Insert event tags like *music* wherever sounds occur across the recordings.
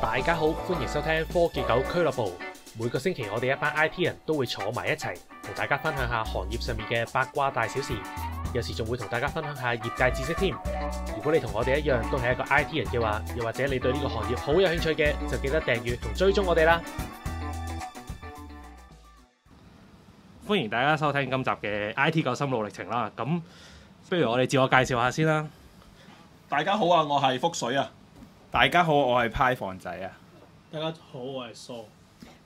大家好，歡迎收聽科技狗俱樂部。每個星期我哋一班 IT 人都會坐埋一齊，同大家分享下行業上面嘅八卦大小事，有時仲會同大家分享下業界知識添。如果你同我哋一樣都係一個 IT 人嘅話，又或者你對呢個行業好有興趣嘅，就記得訂閱同追蹤我哋啦。歡迎大家收聽今集嘅 IT 狗心路歷程啦。咁不如我哋自我介紹下先啦。大家好啊，我係福水啊。大家好，我係派房仔啊！大家好，我係蘇、so。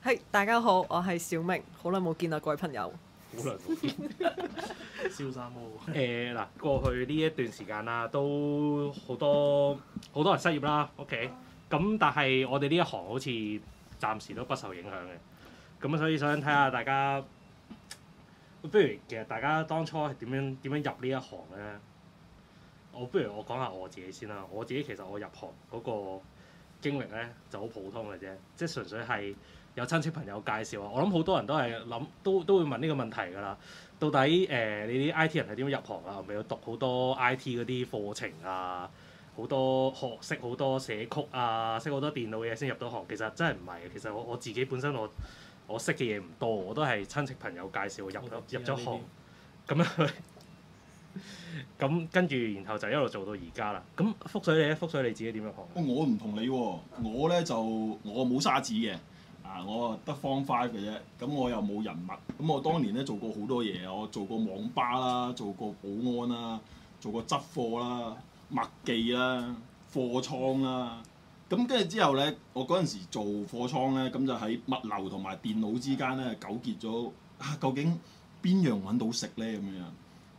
係，hey, 大家好，我係小明，好耐冇見啦，各位朋友。好耐冇見，消失冇。誒嗱，過去呢一段時間啦，都好多好多人失業啦。OK，咁但係我哋呢一行好似暫時都不受影響嘅。咁所以想睇下大家，不如其實大家當初係點樣點樣入呢一行咧？我不如我講下我自己先啦，我自己其實我入行嗰個經歷咧就好普通嘅啫，即係純粹係有親戚朋友介紹啊。我諗好多人都係諗都都會問呢個問題㗎啦。到底誒、呃、你啲 IT 人係點樣入行啊？係咪要讀好多 IT 嗰啲課程啊？好多學識好多寫曲啊，識好多電腦嘢先入到行？其實真係唔係嘅。其實我我自己本身我我識嘅嘢唔多，我都係親戚朋友介紹入咗入咗行，咁樣。 *laughs* 咁、嗯、跟住，然後就一路做到而家啦。咁覆水你咧？覆水你自己點樣學？我唔同你喎、啊，我呢就我冇沙紙嘅啊，我得 Form five 嘅啫。咁我又冇人物。咁我當年呢，做過好多嘢，我做過網吧啦，做過保安啦，做過執貨啦、麥記啦、貨倉啦。咁跟住之後呢，我嗰陣時做貨倉呢，咁就喺物流同埋電腦之間呢，糾結咗、啊、究竟邊樣揾到食呢？咁樣？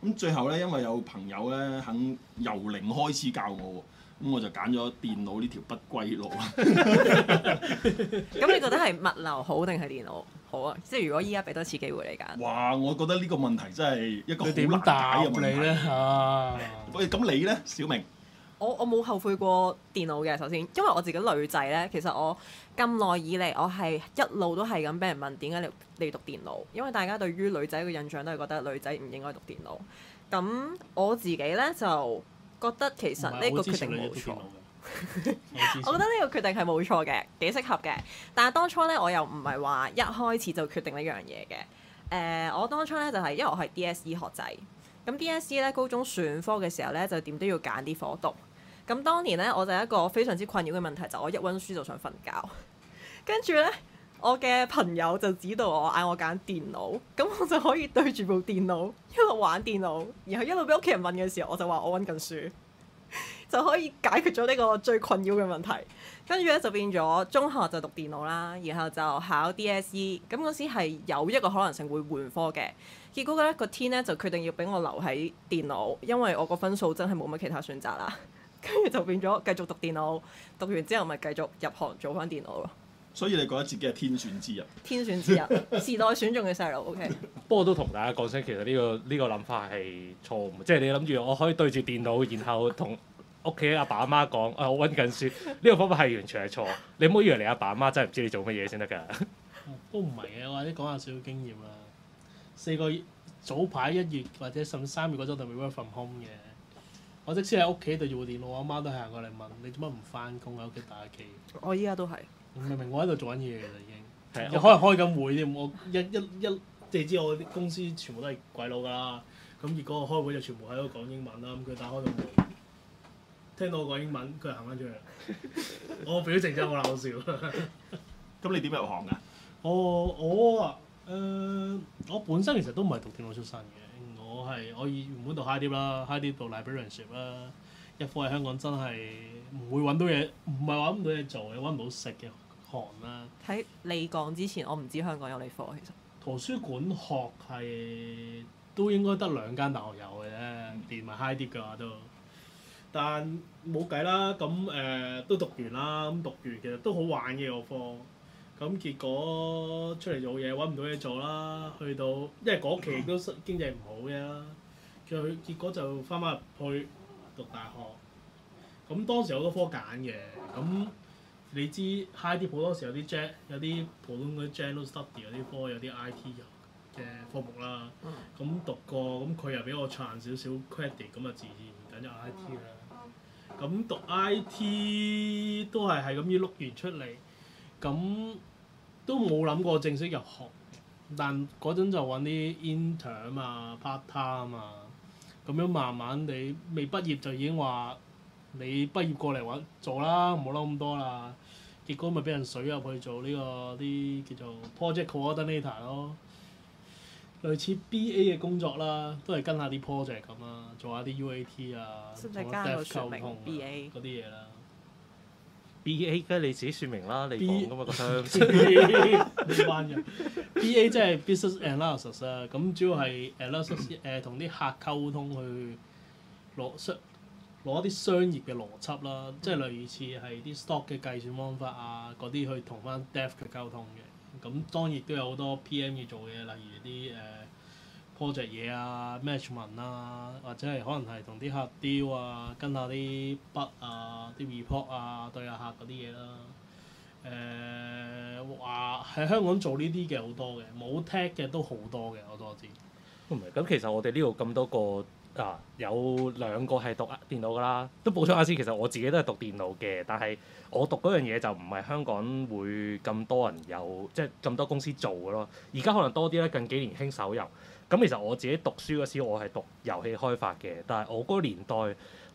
咁最後咧，因為有朋友咧肯由零開始教我，咁我就揀咗電腦呢條不歸路。咁、 *laughs* *laughs* 嗯、你覺得係物流好定係電腦好啊？即係如果依家俾多次機會你揀，哇！我覺得呢個問題真係一個好難解嘅問題啊。喂，咁你咧， *laughs* 小明？我我冇後悔過電腦嘅，首先因為我自己女仔呢，其實我咁耐以嚟，我係一路都係咁俾人問，點解你你讀電腦，因為大家對於女仔嘅印象都係覺得女仔唔應該讀電腦。咁我自己呢，就覺得其實呢是個決定冇錯，我， *laughs* 我覺得呢個決定係冇錯嘅，幾適合嘅。但係當初呢，我又唔係話一開始就決定呢樣嘢嘅。誒、呃，我當初呢、就係，就係因為我係 DSE 學仔，咁 DSE 呢，高中選科嘅時候呢，就點都要揀啲科讀。咁當年咧，我就係一個非常之困擾嘅問題，就係我一温書就想瞓覺。跟住咧，我嘅朋友就指導我嗌我揀電腦，咁我就可以對住部電腦一路玩電腦，然後一路俾屋企人問嘅時候，我就話我温緊書， *laughs* 就可以解決咗呢個最困擾嘅問題。跟住咧就變咗中學就讀電腦啦，然後就考 DSE。咁嗰時係有一個可能性會換科嘅，結果咧個天咧就決定要俾我留喺電腦，因為我個分數真係冇乜其他選擇啦。跟住就變咗繼續讀電腦，讀完之後咪繼續入行做翻電腦咯。所以你覺得自己係天選之人？天選之人，時代選中嘅細路。OK。不過都同大家講聲，其實呢個呢個諗法係錯誤。即係你諗住我可以對住電腦，然後同屋企阿爸阿媽講啊，我温緊書。呢個方法係完全係錯。你唔好以為你阿爸阿媽真係唔知你做乜嘢先得㗎。 *laughs* 都唔係嘅，我啲講下少少經驗啦。四個月，早排一月或者甚至三月嗰週就未 work from home 嘅。我即使喺屋企對住部電腦，我阿媽都係行過嚟問：你做乜唔翻工喺屋企打機？我依家都係。明明我喺度做緊嘢嘅啦，已經。係。 *laughs* 又開開緊會添，我一一一，即係知我啲公司全部都係鬼佬噶啦。咁結果我開會就全部喺度講英文啦。咁佢打開個門，聽到我講英文，佢行翻出去。我表情真係好搞笑。咁你點入行噶？我我啊，誒、呃，我本身其實都唔係讀電腦出身嘅。我係我原本讀 high 啲啦，high 啲讀 librarianship 啦，一科喺香港真係唔會揾到嘢，唔係揾唔到嘢做，又揾唔到食嘅寒啦。喺你講之前，我唔知香港有呢科其實。圖書館學係都應該得兩間大學有嘅啫，嗯、連埋 high 啲㗎都。但冇計啦，咁誒、呃、都讀完啦，咁讀完其實都好玩嘅我科。咁結果出嚟做嘢揾唔到嘢做啦，去到因為嗰期都經濟唔好嘅啦，佢結果就翻返入去讀大學。咁當時好多科揀嘅，咁你知 high dip 好多時有啲 jet，有啲普通嗰啲 general study 嗰啲科，有啲 IT 嘅科目啦。咁讀過，咁佢又俾我賺少少 credit，咁啊自然揀咗 IT 啦。咁讀 IT 都係係咁樣碌完出嚟。咁都冇諗過正式入學，但陣就揾啲 intern 啊、part time 啊，咁樣慢慢地未畢業就已經話你畢業過嚟揾做啦，唔好諗咁多啦。結果咪俾人水入去做呢個啲叫做 project coordinator 咯，類似 BA 嘅工作啦，都係跟下啲 project 咁啦，做下啲 UAT 啊，同 BA 啲嘢啦。B A，梗係你自己算明啦，你講㗎嘛個相，你班人。B A 即係 business analysis 啦，咁主要係 analyst 誒、呃、同啲客溝通去攞商攞啲商業嘅邏輯啦，即係類似係啲 stock 嘅計算方法啊，嗰啲去同返 dev 去溝通嘅，咁當然都有好多 P M 要做嘅，例如啲誒，呃 project 嘢啊，match 文啊，或者係可能係同啲客 deal 啊，跟下啲筆啊，啲 report 啊，對下、啊、客嗰啲嘢啦。誒話喺香港做呢啲嘅好多嘅，冇 tech 嘅都好多嘅，我都知。唔係咁，其實我哋呢度咁多個啊，有兩個係讀電腦㗎啦。都補充下先，其實我自己都係讀電腦嘅，但係我讀嗰樣嘢就唔係香港會咁多人有，即係咁多公司做嘅咯。而家可能多啲咧，近幾年興手遊。咁其實我自己讀書嗰時，我係讀遊戲開發嘅，但係我嗰個年代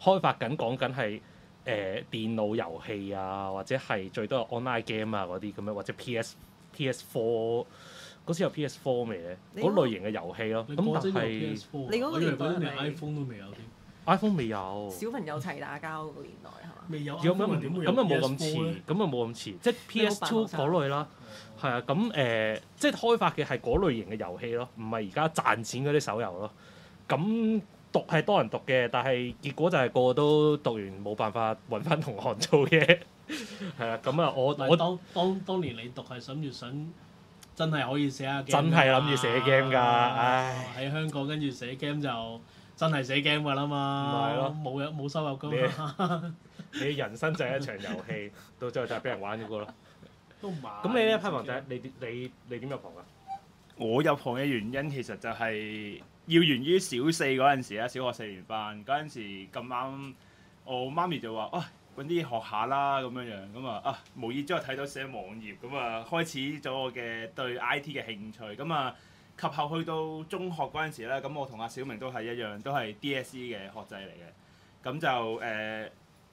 開發緊講緊係誒電腦遊戲啊，或者係最多 online game 啊嗰啲咁樣，或者 PS PS Four 嗰時有 PS Four 未咧？嗰類型嘅遊戲咯。咁但係你嗰個年代，iPhone 都未有添 iPhone 未有。小朋友齊打交嗰年代係嘛？未有。咁啊冇咁遲，咁啊冇咁遲，即係 PS Two 嗰類啦。係啊，咁、嗯、誒，即係開發嘅係嗰類型嘅遊戲咯，唔係而家賺錢嗰啲手遊咯。咁、嗯、讀係多人讀嘅，但係結果就係個個都讀完冇辦法揾翻同行做嘢。係 *laughs* 啊，咁、嗯、啊，我當我當當當年你讀係諗住想真係可以寫下 game，真係諗住寫 game 㗎，唉！喺香港跟住寫 game 就真係寫 game 㗎啦嘛，冇有冇收入嘅你， *laughs* 你人生就係一場遊戲，到最後就係俾人玩嗰個咯。都唔係。咁你呢一批學仔，你你你點你入行噶？我入行嘅原因其實就係要源於小四嗰陣時啦，小學四年班嗰陣時咁啱，我媽咪就話：哦、啊，揾啲嘢學下啦，咁樣樣，咁啊啊，無意之中睇到寫網頁，咁啊開始咗我嘅對 I T 嘅興趣，咁啊及後去到中學嗰陣時咧，咁我同阿小明都係一樣，都係 D S E 嘅學制嚟嘅，咁就誒。呃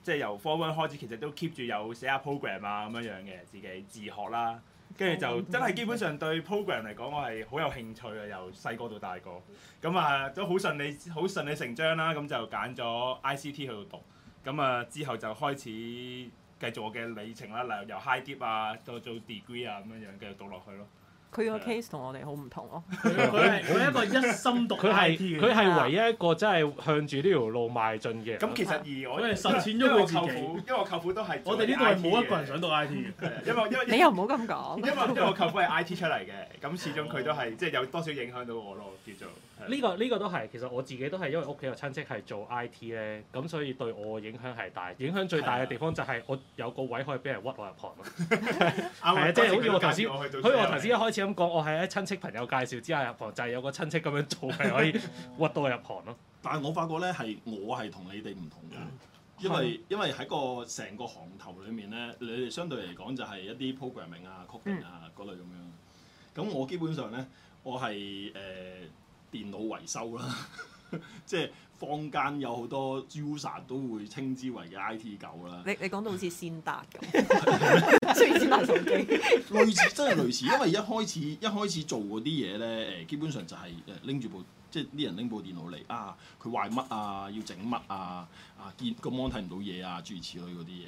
即係由 form one 開始，其實都 keep 住有寫下 program 啊咁樣樣嘅，自己自學啦。跟住就真係基本上對 program 嚟講，我係好有興趣嘅，由細個到大個，咁啊都好順理好順理成章啦。咁就揀咗 ICT 去到讀，咁啊之後就開始繼續我嘅旅程啦。嗱，由 high dip 啊，到到 degree 啊咁樣樣繼續讀落去咯。佢個 case 我同我哋好唔同咯。佢係佢一個一心讀 IT 嘅，佢係唯一一個真係向住呢條路邁進嘅。咁其實意外，因為實踐咗我舅父，因為我舅父都係。我哋呢度係冇一個人想讀 IT 嘅， *laughs* 因為因為你又唔好咁講。因為因為我舅父係 IT 出嚟嘅，咁 *laughs* 始終佢都係即係有多少影響到我咯，叫做。呢、這個呢、這個都係，其實我自己都係因為屋企有親戚係做 IT 咧，咁所以對我影響係大。影響最大嘅地方就係我有個位可以俾人屈我入行咯。係啊，是啊即係好似我頭先，好似我頭先一開始咁講，我係喺親戚朋友介紹之下入行，就係、是、有個親戚咁樣做係可以屈到我入行咯。 *laughs* 但係我發覺咧，係我係同你哋唔同嘅， *laughs* 因為是的 因為喺個成個行頭裡面咧，你哋相對嚟講就係一啲 programming 啊、coding *noise* 啊嗰類咁樣。咁我基本上咧，我係誒。呃電腦維修啦， *laughs* 即係坊間有好多 user 都會稱之為嘅 IT 狗啦。你，你講到好似先達咁，類似先達手機，類似真係類似，因為一開始 *laughs* 一開始做嗰啲嘢咧，誒基本上就係拎住部，即係啲人拎部電腦嚟啊，佢壞乜啊，要整乜啊，啊見個 mon 睇唔到嘢啊，諸如此類嗰啲嘢。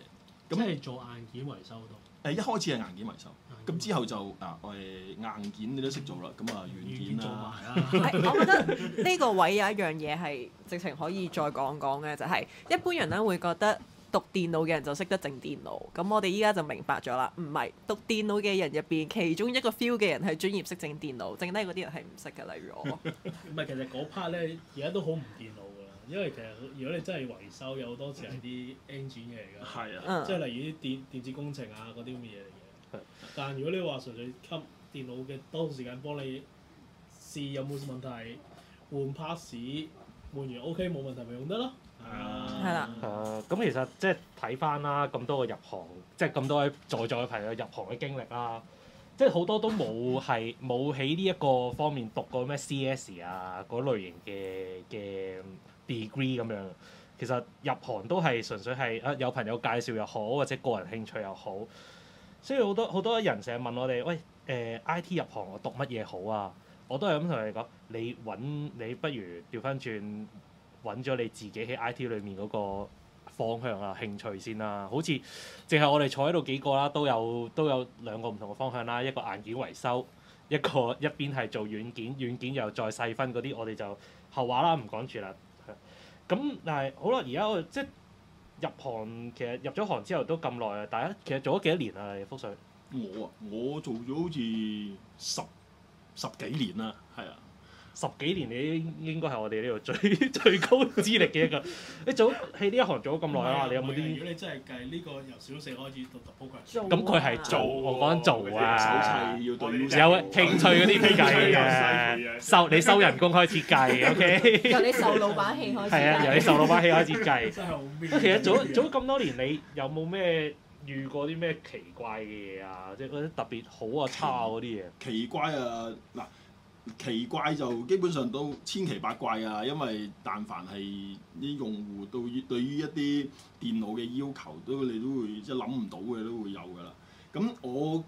咁係做硬件維修多。誒、嗯，一開始係硬件維修。咁之後就、啊、我誒硬件你都識做啦，咁啊、嗯、軟、軟件做埋啦、啊 *laughs* 哎。我覺得呢個位有一樣嘢係直情可以再講講嘅，就係、是、一般人咧會覺得讀電腦嘅人就識得整電腦，咁我哋依家就明白咗啦。唔係讀電腦嘅人入邊，其中一個 feel 嘅人係專業識整電腦，剩低嗰啲人係唔識嘅，例如我。唔係，其實嗰 part 咧，而家都好唔電腦噶啦，因為其實如果你真係維修，有好多時係啲 engine 嘢嚟噶，係啊，即係例如啲電電子工程啊啲咁嘅嘢。但如果你話純粹給電腦嘅多段時間幫你試有冇問題，換 pass 換完 OK 冇問題咪用得咯，係啊，係啦，係啊，咁其實即係睇返啦，咁多個入行即係咁多位在座嘅朋友入行嘅經歷啦，即係好多都冇係冇喺呢一個方面讀過咩 CS 啊嗰類型嘅嘅 degree 咁樣，其實入行都係純粹係啊有朋友介紹又好，或者個人興趣又好。所以好多好多人成日問我哋，喂，誒、呃、I T 入行我讀乜嘢好啊？我都係咁同佢哋講，你揾你不如調翻轉揾咗你自己喺 I T 裏面嗰個方向啊、興趣先啦、啊。好似淨係我哋坐喺度幾個啦、啊，都有都有兩個唔同嘅方向啦、啊，一個硬件維修，一個一邊係做軟件，軟件又再細分嗰啲，我哋就後話啦，唔講住啦。咁但係好啦，而家我即入行其實入咗行之後都咁耐啦，大家其實做咗幾多年啊？你福水？我啊，我做咗好似十十幾年啦，係啊。十幾年你應應該係我哋呢度最最高資歷嘅一個你，你做喺呢一行做咗咁耐啦，嗯、你有冇啲？如果你真係計呢、呢個由小四開始到特級，咁佢係做，、啊、做我講做啊，手要對、啊、有興、啊、趣嗰啲計、啊、收你收人工開始計，OK？由你受老闆氣開始。係 *laughs* 啊，由你受老闆氣開始計。 *laughs* 其實做咗做咁多年，你有冇咩遇過啲咩奇怪嘅嘢啊？即係嗰啲特別好啊、差嗰啲嘢。奇怪啊嗱。奇怪就基本上都千奇百怪啊，因為但凡係啲用戶對於對於一啲電腦嘅要求，都你都會即係諗唔到嘅都會有噶啦。咁我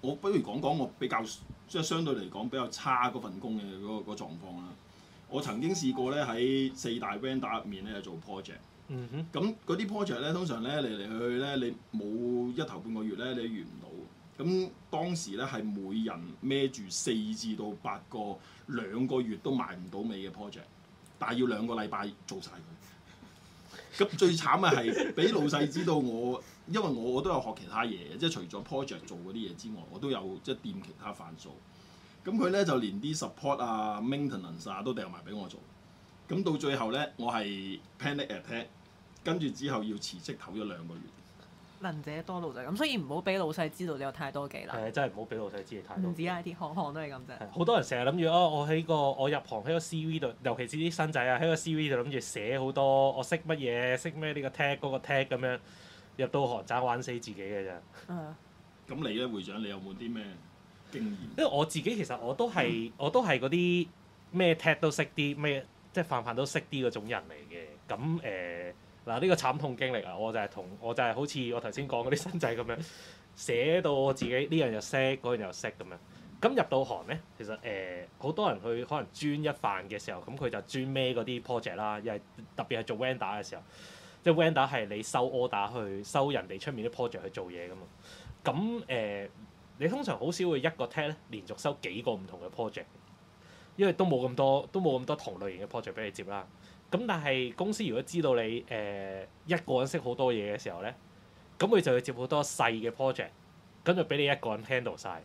我不如講講我比較即係相對嚟講比較差嗰份工嘅嗰個嗰個狀況啦。我曾經試過咧喺四大 band 入面咧做 project，咁嗰啲 project 咧通常咧嚟嚟去去咧你冇一頭半個月咧你完唔到。咁當時咧係每人孭住四至到八個兩個月都買唔到尾嘅 project，但係要兩個禮拜做晒佢。咁最慘嘅係俾老細知道我，因為我我都有學其他嘢即係除咗 project 做嗰啲嘢之外，我都有即係掂其他飯數。咁佢咧就連啲 support 啊、maintenance 啊都掉埋俾我做。咁到最後咧，我係 panic attack，跟住之後要辭職唞咗兩個月。能者多勞就係咁，所以唔好俾老細知道你有太多技能。係真係唔好俾老細知道你太多。唔止啲、啊、行行都係咁啫。係。好多人成日諗住啊，我喺個我入行喺個 CV 度，尤其是啲新仔啊，喺個 CV 度諗住寫好多我識乜嘢，識咩呢個 tag 嗰個 tag 咁樣，入到行盞玩死自己嘅啫。嗯的。咁你咧，會長，你有冇啲咩經驗？因為我自己其實我都係我都係嗰啲咩 tag 都識啲，咩即係泛泛都識啲嗰種人嚟嘅。咁誒？呃嗱呢個慘痛經歷啊，我就係同我就係好似我頭先講嗰啲新仔咁樣，寫到我自己呢樣又識嗰樣又識咁樣。咁入到行咧，其實誒好、呃、多人去，可能專一範嘅時候，咁、嗯、佢就專咩嗰啲 project 啦。又係特別係做 vendor 嘅時候，即係 vendor 係你收 order 去收人哋出面啲 project 去做嘢噶嘛。咁、嗯、誒、呃，你通常好少會一個 tag 咧，連續收幾個唔同嘅 project，因為都冇咁多，都冇咁多同類型嘅 project 俾你接啦。咁但係公司如果知道你誒、呃、一個人識好多嘢嘅時候咧，咁佢就會接好多細嘅 project，咁就俾你一個人 handle 晒。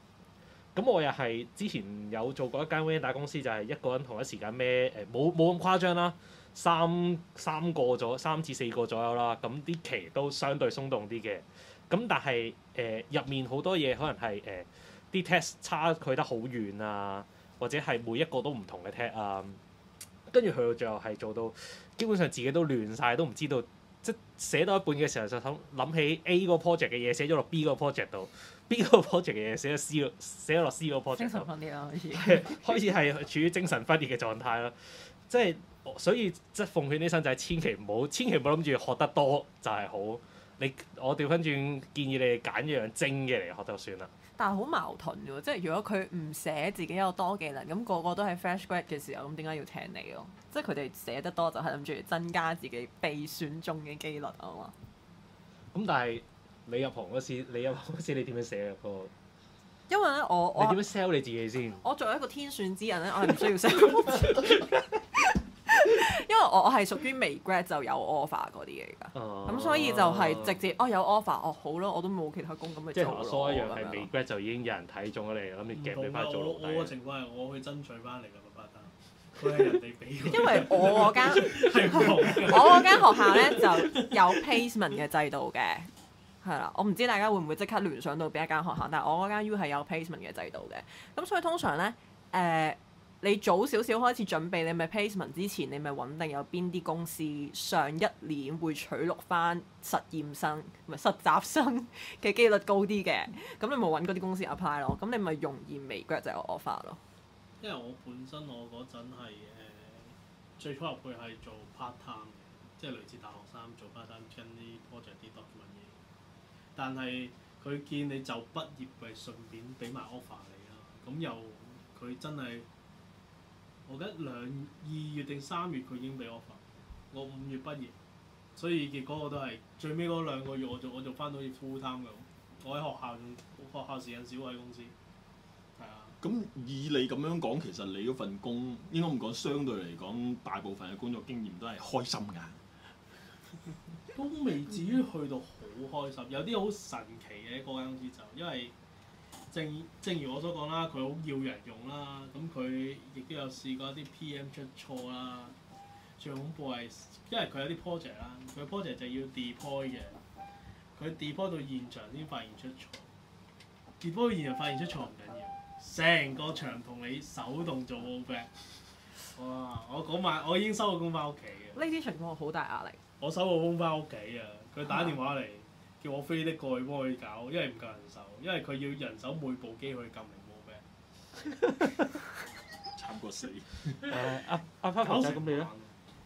咁我又係之前有做過一間 window 大公司，就係、是、一個人同一時間孭誒冇冇咁誇張啦，三三個咗三至四個左右啦，咁啲期都相對鬆動啲嘅。咁但係誒入面好多嘢可能係誒啲 test 差距得好遠啊，或者係每一個都唔同嘅 test 啊。跟住去到最後係做到，基本上自己都亂晒，都唔知道，即寫到一半嘅時候就諗諗起 A 個 project 嘅嘢寫咗落 B 個 project 度，B 個 project 嘅嘢寫咗 C 個寫咗落 C 個 project。精神分裂、啊、是 *laughs* 開始開始係處於精神分裂嘅狀態咯。即係所以即奉勸啲新仔千祈唔好，千祈唔好諗住學得多就係好。你我調翻轉建議你哋揀一樣精嘅嚟學就算啦。但係好矛盾喎，即係如果佢唔寫自己有多技能，咁、那個個都係 fresh grad 嘅時候，咁點解要請你咯？即係佢哋寫得多就係諗住增加自己被選中嘅機率啊嘛。咁、嗯、但係你入行嗰時，你入行嗰時你點樣寫啊？個？因為咧，我我點樣 sell 你自己先、呃？我作為一個天選之人咧，我係唔需要 sell。 *laughs* *laughs* 因為我我係屬於未 grad 就有 offer 嗰啲嘢㗎，咁、uh，所以就係直接哦有 offer 哦，offer，好咯，我都冇其他工咁去做咯。咁樣，即係一樣係未 grad 就已經有人睇中你，咁你夾畀翻做咯。唔同，我嘅情況係我去爭取翻嚟個發達，佢係人哋俾。 *laughs* 因為我嗰間，我嗰間學校咧就有 placement 嘅制度嘅，係啦，我唔知大家會唔會即刻聯想到邊一間學校，但係我嗰間 U 係有 placement 嘅制度嘅，咁所以通常咧，誒、呃。嗯你早少少開始準備，你咪 placement 之前，你咪揾定有邊啲公司上一年會取錄翻實驗生唔係實習生嘅機率高啲嘅。咁你咪揾嗰啲公司 apply 咯，咁你咪容易未 grad 就有 offer 咯。因為我本身我嗰陣係最初入去係做 part time 嘅，即係類似大學生做 part time 跟啲 project 啲 document 嘅。但係佢見你就畢業，咪順便俾埋 offer 你啊。咁又佢真係～我得兩二月定三月佢已經俾我發，我五月畢業，所以結果我都係最尾嗰兩個月我就我就翻到 full time 㗎，我喺學校學校時間少喺公司，係啊。咁以你咁樣講，其實你嗰份工應該唔講，相對嚟講大部分嘅工作經驗都係開心㗎。 *laughs* 都未至於去到好開心，有啲好神奇嘅、嗰個公司就因為。正正如我所講啦，佢好要人用啦，咁佢亦都有試過一啲 PM 出錯啦。最恐怖係，因為佢有啲 project 啦，佢 project 就要 deploy 嘅，佢 deploy 到現場先發現出錯。deploy 到現場發現出錯唔緊要，成個場同你手動做 rollback。哇！我嗰晚我已經收個工返屋企嘅。呢啲情況好大壓力。我收個工返屋企啊，佢打電話嚟。嗯叫我飛啲過去幫佢搞，因為唔夠人手，因為佢要人手每部機去撳嚟摸咩，慘過死。阿阿花，咁你咧？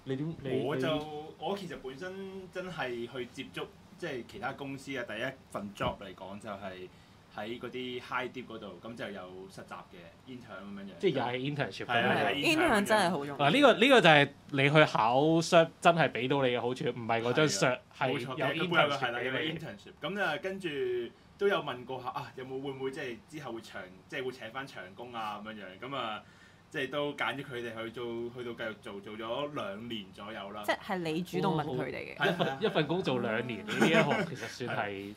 你點？我就我其實本身真係去接觸，即係其他公司啊，第一份 job 嚟講就係。喺嗰啲 high dip 嗰度，咁就有實習嘅 intern 咁樣樣，即係又係 internship。係啊，internship 真係好用。嗱，呢個呢個就係你去考碩真係俾到你嘅好處，唔係嗰張碩係有 internship 咁啊，跟住都有問過下啊，有冇會唔會即係之後會長，即係會請翻長工啊咁樣樣。咁啊，即係都揀咗佢哋去做，去到繼續做，做咗兩年左右啦。即係你主動問佢哋嘅。一份一份工做兩年，呢一學其實算係。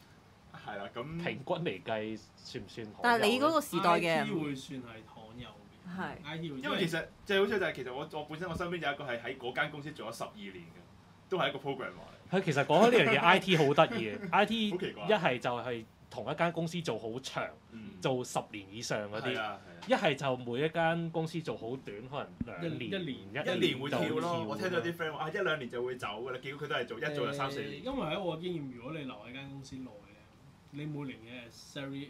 係啦，咁平均嚟計算唔算好？但係你嗰個時代嘅 I T 會算係糖油。係，因為其實最好笑就係其實我我本身我身邊有一個係喺嗰間公司做咗十二年嘅，都係一個 program 嚟。係其實講呢樣嘢，I T 好得意嘅，I T 一係就係同一間公司做好長，做十年以上嗰啲。一係就每一間公司做好短，可能兩年。一年一年會跳咯。我聽到啲 friend 話啊，一兩年就會走㗎啦。結果佢都係做一做就三四年。因為喺，我經驗如果你留喺間公司耐。你每年嘅 salary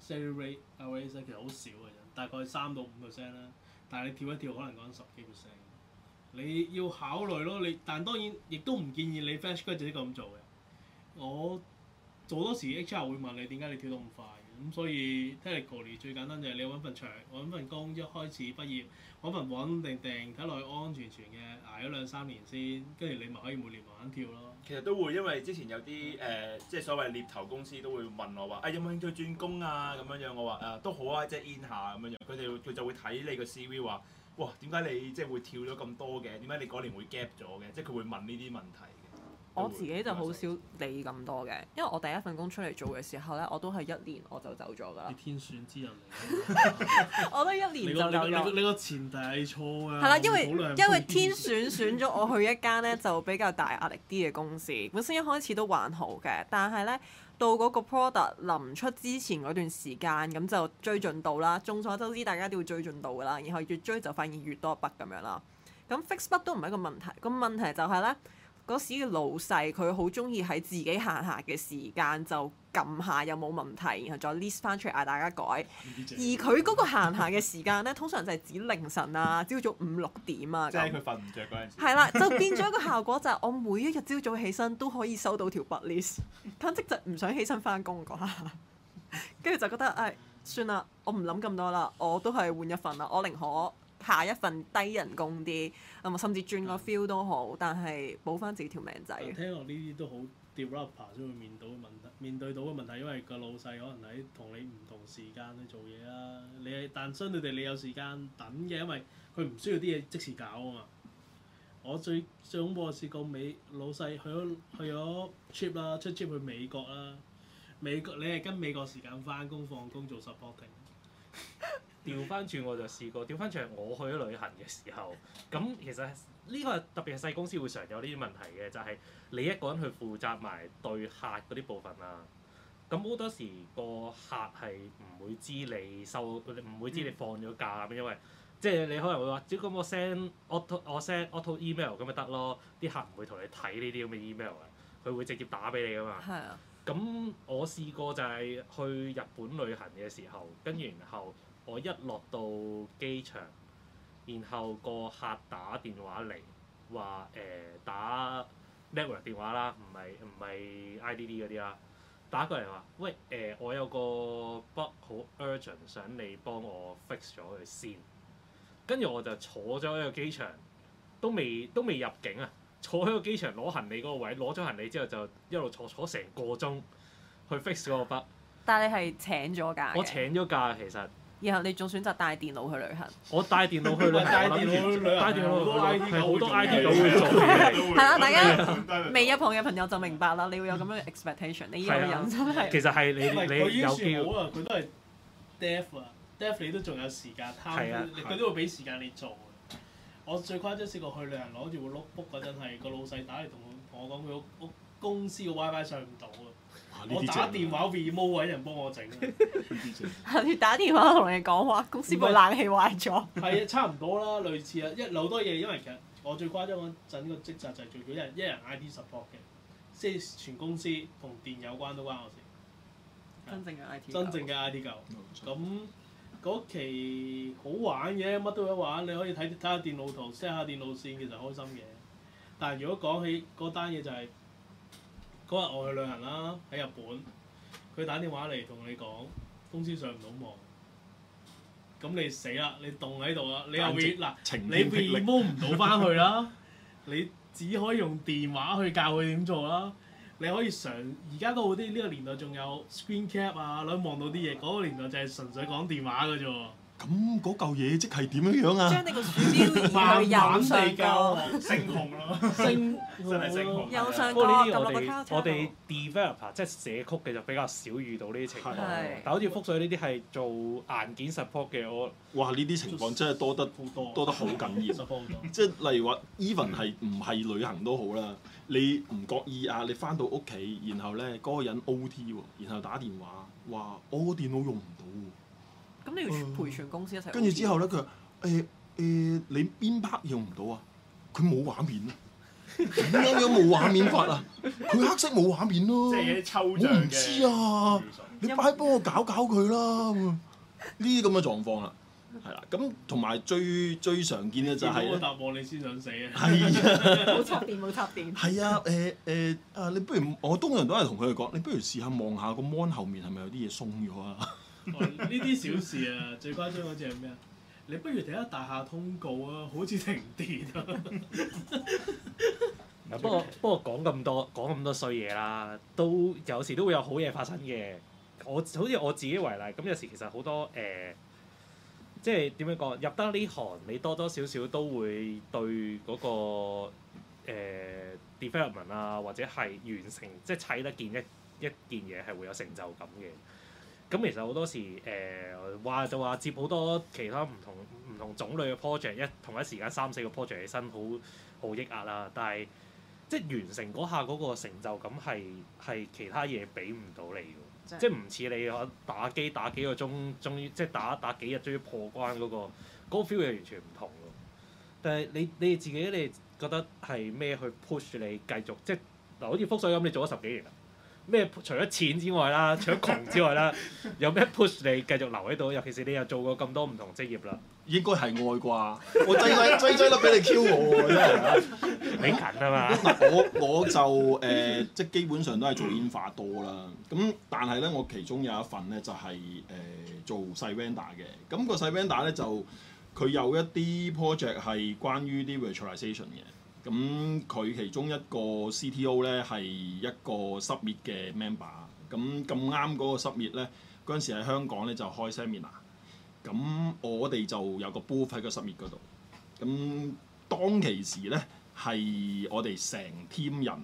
salary raise 其實好少嘅啫，大概三到五 percent 啦。但係你跳一跳，可能講十幾 percent。你要考慮咯，你但當然亦都唔建議你 fresh graduate 咁做嘅。我做多時 HR 會問你點解你跳得咁快，咁所以 technically、mm hmm. 最簡單就係你揾份長，揾份工，一開始畢業，揾份穩定定睇落去安安全全嘅，挨咗兩三年先，跟住你咪可以每年慢慢跳咯。其實都會，因為之前有啲誒、呃，即係所謂獵頭公司都會問我話，啊，有冇興趣轉工啊咁樣樣？我話誒、啊、都好啊，即係 in 下咁樣樣。佢哋佢就會睇你個 CV 話，哇，點解你即係會跳咗咁多嘅？點解你嗰年會 gap 咗嘅？即係佢會問呢啲問題。我自己就好少理咁多嘅，因為我第一份工出嚟做嘅時候咧，我都係一年我就走咗噶啦。天選之人， *laughs* *laughs* 我都一年就就你，你，你個前提錯嘅。係啦， *laughs* 因為因為天選選咗我去一間咧 *laughs* 就比較大壓力啲嘅公司。本身一開始都還好嘅，但係咧到嗰個 product 臨出之前嗰段時間，咁就追進度啦。眾所周知，大家都要追進度噶啦，然後越追就發現越多筆咁樣啦。咁 fix 筆都唔係一個問題，個問題就係咧。嗰時嘅老細，佢好中意喺自己行行嘅時間就撳下有冇問題，然後再 list 翻出嚟嗌大家改。而佢嗰個行行嘅時間咧， *laughs* 通常就係指凌晨啊、朝早五六點啊。即係佢瞓唔著嗰陣時。係就 *laughs* 啦，就變咗一個效果就係，我每一日朝早起身都可以收到條 bug list。簡直就唔想起身翻工嗰下，跟住就覺得唉、哎，算啦，我唔諗咁多啦，我都係換一份啦，我寧可。下一份低人工啲，啊甚至轉個 feel 都好，但係補返自己條命仔。聽落呢啲都好，developer 先會面對到嘅問題，面對到嘅問題，因為個老細可能喺同你唔同時間去做嘢啦。你係但相對地你有時間等嘅，因為佢唔需要啲嘢即時搞啊嘛。我最最恐怖係試過美老細去咗去咗 trip 啦，出 trip 去美國啦，美國你係跟美國時間翻工放工做 supporting。 *laughs* 調翻轉我就試過，調翻轉係我去咗旅行嘅時候。咁其實呢個特別係細公司會常有呢啲問題嘅，就係、是、你一個人去負責埋對客嗰啲部分啊。咁好多時個客係唔會知你收唔會知你放咗假，嗯、因為即係你可能會話，只要咁我 send auto 我 send auto email 咁咪得咯。啲客唔會同你睇呢啲咁嘅 email 佢會直接打俾你噶嘛。咁、啊、我試過就係去日本旅行嘅時候，跟住然後。我一落到機場，然後個客打電話嚟，話誒、呃、打 network 電話啦，唔係唔係 IDD 嗰啲啦，打過嚟話，喂誒、呃，我有個 bug 好 urgent，想你幫我 fix 咗佢先。跟住我就坐咗喺個機場，都未都未入境啊，坐喺個機場攞行李嗰個位，攞咗行李之後就一路坐坐成個鐘去 fix 咗個 bug。但係你係請咗假？我請咗假，其實。然後你仲選擇帶電腦去旅行？我帶電腦去旅行，帶電腦去旅行，帶電腦係好多 IT 都會做。係啦，大家未入行嘅朋友就明白啦。你會有咁樣嘅 expectation，你呢個人真係。其實係你你有叫啊，佢都係 deaf 啊，deaf 你都仲有時間貪，佢都會俾時間你做。我最誇張試過去旅行攞住部 notebook 嗰陣係個老細打嚟同我同我講佢屋公司個 WiFi 上唔到啊。啊、我打電話 remove，揾人幫我整。你 *laughs* 打電話同人講話公司部冷氣壞咗。係啊是， *laughs* 差唔多啦，類似啊，一老多嘢，因為其實我最誇張嗰陣個職責就係做咗一人一人 IT support 嘅，即係全公司同電有關都關我事。真正嘅 IT。真正嘅 IT 狗、嗯。咁嗰期好玩嘅，乜都得玩，你可以睇睇下電腦圖，set 下電腦線，其實開心嘅。但係如果講起嗰單嘢就係、是。嗰日我去旅行啦，喺日本，佢打電話嚟同你講，公司上唔到網，咁你死啦！你凍喺度啊，你又會嗱，你會摸唔到翻去啦， *laughs* 你只可以用電話去教佢點做啦。你可以嘗，而家都好啲，呢、這個年代仲有 screen cap 啊，可以望到啲嘢。嗰、那個年代就係純粹講電話嘅啫。咁嗰嚿嘢即係點樣樣啊？將你個鼠標萬上個升控咯，升真係升控。右上角到落，啊、我哋 developer 即係寫曲嘅就比較少遇到呢啲情況。的對但係好似覆水呢啲係做硬件 support 嘅，我哇呢啲情況真係多得多得好緊要。即係 *laughs* 例如話，even 係唔係旅行都好啦，你唔覺意啊，你翻到屋企，然後咧嗰個人 OT 喎，然後打電話我電話我個電腦用唔到。咁你要培全公司一齊。跟住、嗯、之後咧，佢話：誒、欸、誒、欸，你邊 part 用唔到啊？佢冇畫面啊！點樣樣冇畫面法啊？佢黑色冇畫面咯。即我唔知啊！你快幫我搞搞佢啦！呢啲咁嘅狀況啦、啊，係啦、啊。咁同埋最最常見嘅就係冇答案，你先想死啊！冇、 *laughs* 啊、插電，冇插電。係啊，誒誒啊，你不如我通常都係同佢哋講，你不如試下望下個 mon 後面係咪有啲嘢鬆咗啊？呢啲、 *laughs* 哦、小事啊， *laughs* 最關心嗰隻係咩啊？你不如睇下大廈通告啊，好似停電啊。不過不過講咁多講咁多衰嘢啦，都有時都會有好嘢發生嘅。我好似我自己為例，咁有時其實好多誒、呃，即係點樣講？入得呢行，你多多少少都會對嗰、那個、呃、development 啊，或者係完成即係砌得建一一件嘢，係會有成就，有成就感嘅。咁其實好多時誒、呃、話就話接好多其他唔同唔同種類嘅 project 一同一時間三四個 project 起身，好好抑壓啦。但係即係完成嗰下嗰個成就感係係其他嘢俾唔到你嘅，就是、即係唔似你打打機打幾個鐘，終於即係打打幾日終於破關嗰個嗰個 feel 又完全唔同喎。但係你你自己你覺得係咩去 push 你繼續即係嗱，好似福水咁，你做咗十幾年啦。咩？除咗錢之外啦，除咗窮之外啦， *laughs* 有咩 push 你繼續留喺度？尤其是你又做過咁多唔同職業啦，應該係愛啩。 *laughs* *laughs* 我擠追擠粒俾你 Q 我真係你近啊嘛。我我就誒，即係 *laughs* 基本上都係做 infra 多啦。咁但係咧，我其中有一份咧就係、是、誒、呃、做細 vendor 嘅。咁、那個細 vendor 咧就佢有一啲 project 係關於啲 virtualization 嘅。咁佢其中一個 CTO 咧係一個濕滅嘅 member。咁咁啱嗰個濕滅咧嗰陣時喺香港咧就開 seminar。咁我哋就有個 booth 喺個濕滅嗰度。咁當其時咧係我哋成 team 人誒、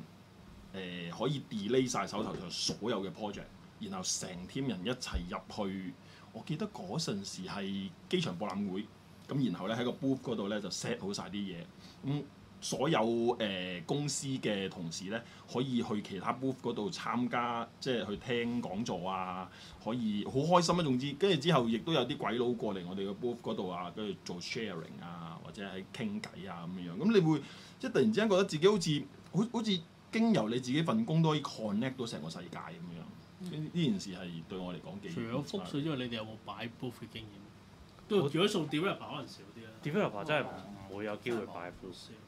呃、可以 delay 晒手頭上所有嘅 project，然後成 team 人一齊入去。我記得嗰陣時係機場博覽會咁，然後咧喺個 booth 嗰度咧就 set 好晒啲嘢咁。所有誒、呃、公司嘅同事咧，可以去其他 booth 嗰度參加，即、就、係、是、去聽講座啊，可以好開心啊，總之跟住之後亦都有啲鬼佬過嚟我哋嘅 booth 嗰度啊，跟住做 sharing 啊，或者係傾偈啊咁樣。咁你會即係突然之間覺得自己好似好好似經由你自己份工都可以 connect 到成個世界咁樣。呢件事係對我嚟講幾？除咗覆水之外，啊、你哋有冇擺 booth 嘅經驗？都如果送可能少啲我我啊。director 真係唔會有機會擺 booth，啊。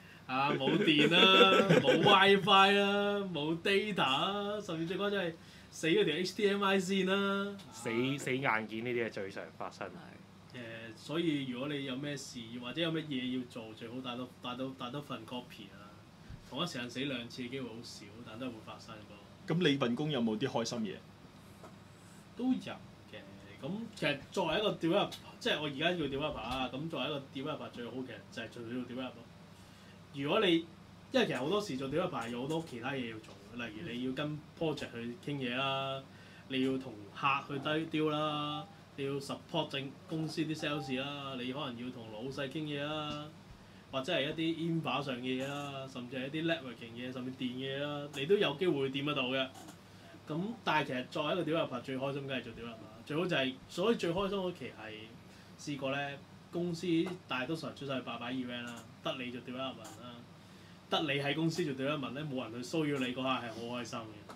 *laughs* 啊！冇電啦、啊，冇 WiFi 啦，冇、啊、data 啦、啊，甚至最瓜真係死咗條 HDMI 線啦、啊。死、啊、死硬件呢啲係最常發生嘅。誒，所以如果你有咩事，或者有乜嘢要做，最好帶到帶到帶多份 copy 啦、啊。同一時間死兩次嘅機會好少，但都係會發生嘅。咁你份工有冇啲開心嘢？都有嘅。咁其實作為一個 developer，即係我而家要 developer 啊。咁作為一個 developer 最好嘅就係做到 developer。如果你因為其實好多時做調一排有好多其他嘢要做，例如你要跟 project 去傾嘢啦，你要同客去 deal deal 啦，你要 support 整公司啲 sales 啦，你可能要同老細傾嘢啦，或者係一啲 email 上嘅嘢啦，甚至係一啲 networking 嘢，甚至電嘢啦，你都有機會掂得到嘅。咁但係其實作為一個調入排最開心，梗係做調入排，最好就係、是、所以最開心嗰期係試過咧，公司大多數人出晒去擺擺 event 啦，得你就調入排。得你喺公司做對一文咧，冇人去騷擾你嗰下係好開心嘅。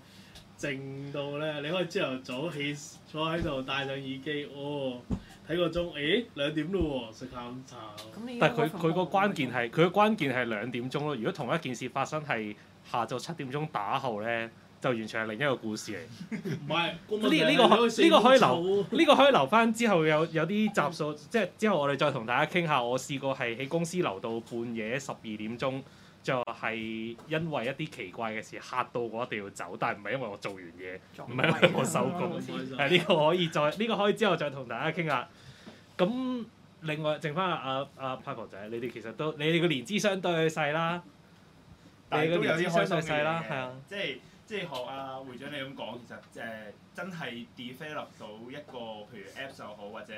靜到咧，你可以朝頭早起坐喺度戴上耳機，哦，睇個鐘，誒、欸、兩點咯喎，食下午茶。但係佢佢個關鍵係佢個關鍵係兩點鐘咯。如果同一件事發生係下晝七點鐘打後咧，就完全係另一個故事嚟是。唔係， *laughs* 呢呢、 *laughs* 呢個呢、呢個可以留呢 *laughs* 個可以留翻之後有有啲集數， *laughs* 即係之後我哋再同大家傾下。我試過係喺公司留到半夜十二點鐘。就係因為一啲奇怪嘅事嚇到我一定要走，但係唔係因為我做完嘢，唔係會因為我收工，係呢 *laughs* 個可以再呢、呢個可以之後再同大家傾下。咁另外剩翻阿阿 Python 仔，你哋其實都你哋個年資相對細啦，但 你相對但都有啲開心嘅啦，係啊，即係即係學阿會長你咁講，其實誒、就是呃、真係 develop 到一個譬如 apps 又好，好，或者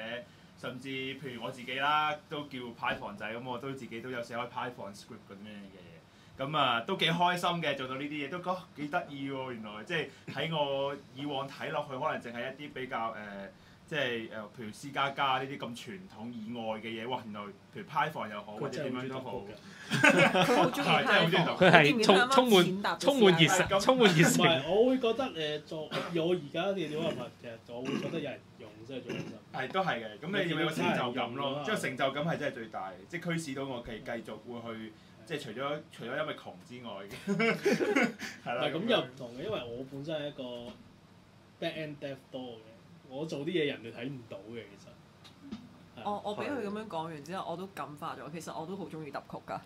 甚至譬如我自己啦，都叫 Python 仔咁，我都自己都有寫開 Python script 咁樣嘅嘢。咁啊、嗯，都幾開心嘅，做到呢啲嘢都覺得幾得意喎！原來即係喺我以往睇落去，可能淨係一啲比較誒、呃，即係誒、呃，譬如私家家呢啲咁傳統以外嘅嘢，原、呃、來，譬如 Python 又好真或者點樣都好，係 *laughs* 真係好中意佢係充滿充滿熱誠，充滿熱誠。我會覺得誒、呃、做我而家電腦人物， *laughs* 其實我會覺得有人用真係、就是、做開心。係 *laughs* 都係嘅，咁你要有，有個成就感咯，即係 *laughs* 成就感係真係最大，嗯、即係驅使到我其、嗯、繼續會去。即係除咗除咗因為窮之外嘅，係啦 *laughs* *laughs* 吧。唔係咁又唔同嘅，因為我本身係一個 back end dev 多嘅，我做啲嘢人哋睇唔到嘅其實。我我俾佢咁樣講完之後，我都感化咗。其實我都好中意揼曲㗎，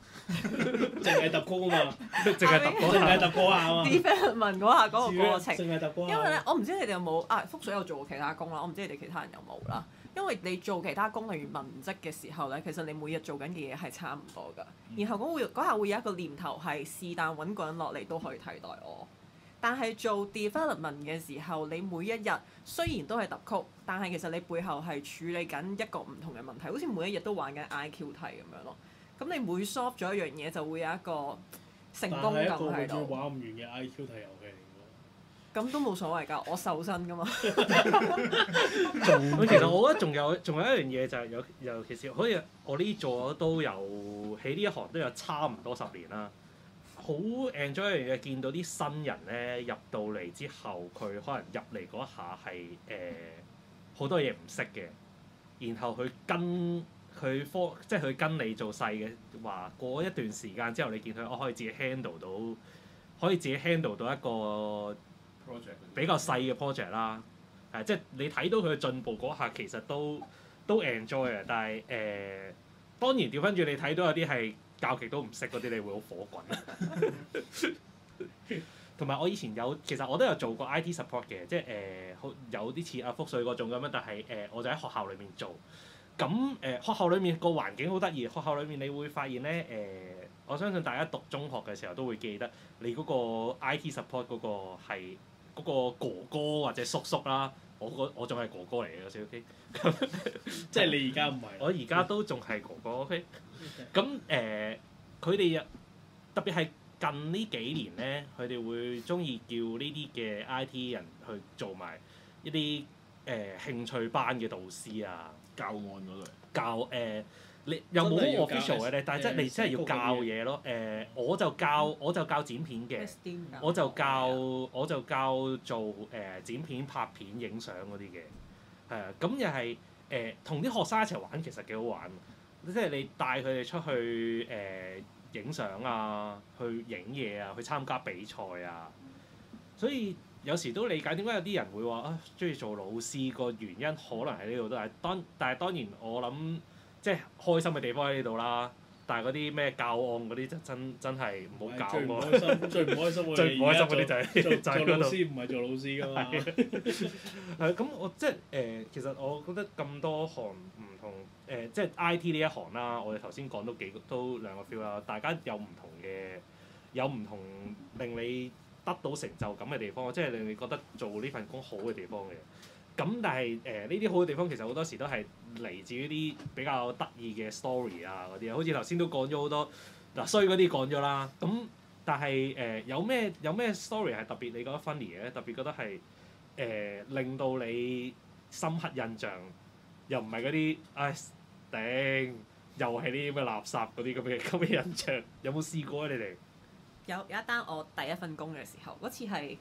淨係揼曲啊嘛，淨係揼曲，淨係揼曲啊嘛。Department 嗰下嗰個過程，啊、因為咧，我唔知你哋有冇啊？福水有做過其他工啦，我唔知你哋其他人有冇啦。 *laughs* 因為你做其他工，例如文職嘅時候咧，其實你每日做緊嘅嘢係差唔多㗎。然後嗰會嗰下會有一個念頭係是但揾個人落嚟都可以替代我。 *laughs* *laughs* 但係做 development 嘅時候，你每一日雖然都係揼曲，但係其實你背後係處理緊一個唔同嘅問題，好似每一日都玩緊 IQ 題咁樣咯。咁你每 solve 咗一樣嘢，就會有一個成功感喺度。玩唔完嘅 IQ 題遊戲，咁都冇所謂㗎，我瘦身㗎嘛。 *laughs* *laughs* *laughs* 其實我覺得仲有仲有一樣嘢就係有尤其是好似我呢做都有，喺呢一行都有差唔多十年啦。好 enjoy 嘅，見到啲新人咧入到嚟之後，佢可能入嚟嗰下係誒好多嘢唔識嘅，然後佢跟佢科，即係佢跟你做細嘅話，過一段時間之後，你見佢，我可以自己 handle 到，可以自己 handle 到一個 project 比較細嘅 project 啦，係、呃、即係你睇到佢嘅進步嗰下，其實都都 enjoy 嘅。但係誒、呃，當然調翻轉你睇到有啲係。教極都唔識嗰啲，你會好火滾。同 *laughs* 埋我以前有，其實我都有做過 IT support 嘅，即係誒好有啲似阿福瑞嗰種咁樣。但係誒、呃，我就喺學校裏面做。咁誒、呃，學校裏面個環境好得意。學校裏面你會發現咧，誒、呃，我相信大家讀中學嘅時候都會記得，你嗰個 IT support 嗰個係嗰個哥哥或者叔叔啦。我個我仲係哥哥嚟嘅，O K。即係你而家唔係，我而家都仲係哥哥，O K。Okay? 咁誒，佢哋、呃、特別係近呢幾年咧，佢哋會中意叫呢啲嘅 I T 人去做埋一啲誒、呃、興趣班嘅導師啊，教案嗰類。教誒、呃，你有冇 official 嘅咧，但係即係你真係要教嘢咯。誒、呃，我就教我就教剪片嘅，我就教我就教，我就教做誒、呃、剪片拍片影相嗰啲嘅。係啊，咁又係誒，同啲、就是呃、學生一齊玩其實幾好玩。即係你帶佢哋出去誒影相啊，去影嘢啊，去參加比賽啊，所以有時都理解點解有啲人會話啊，鍾意做老師個原因可能喺呢度都係，但係當然我諗即係開心嘅地方喺呢度啦。但係嗰啲咩教案嗰啲就真真係唔好搞。最唔開心， *laughs* 最唔開心，嗰啲做就係就係老師唔係做老師㗎嘛對。係咁， *laughs* 我即係誒，其實我覺得咁多行唔同。誒、呃、即係 I.T 呢一行啦，我哋頭先講都幾都兩個 feel 啦，大家有唔同嘅有唔同令你得到成就感嘅地方，即係令你覺得做呢份工好嘅地方嘅。咁但係誒呢啲好嘅地方其實好多時都係嚟自於啲比較得意嘅 story 啊，嗰啲好似頭先都講咗好多嗱衰，嗰啲講咗啦。咁、呃、但係誒、呃、有咩有咩 story 係特別你覺得 funny 嘅，特別覺得係誒、呃、令到你深刻印象又唔係嗰啲誒？哎定又係啲咁垃圾嗰啲咁嘅咁嘅印象，有冇試過啊？你哋有有一單。我第一份工嘅時候，嗰次係